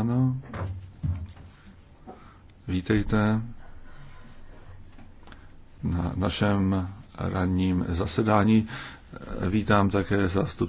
Ano. Vítejte na našem ranním zasedání. Vítám také zástupce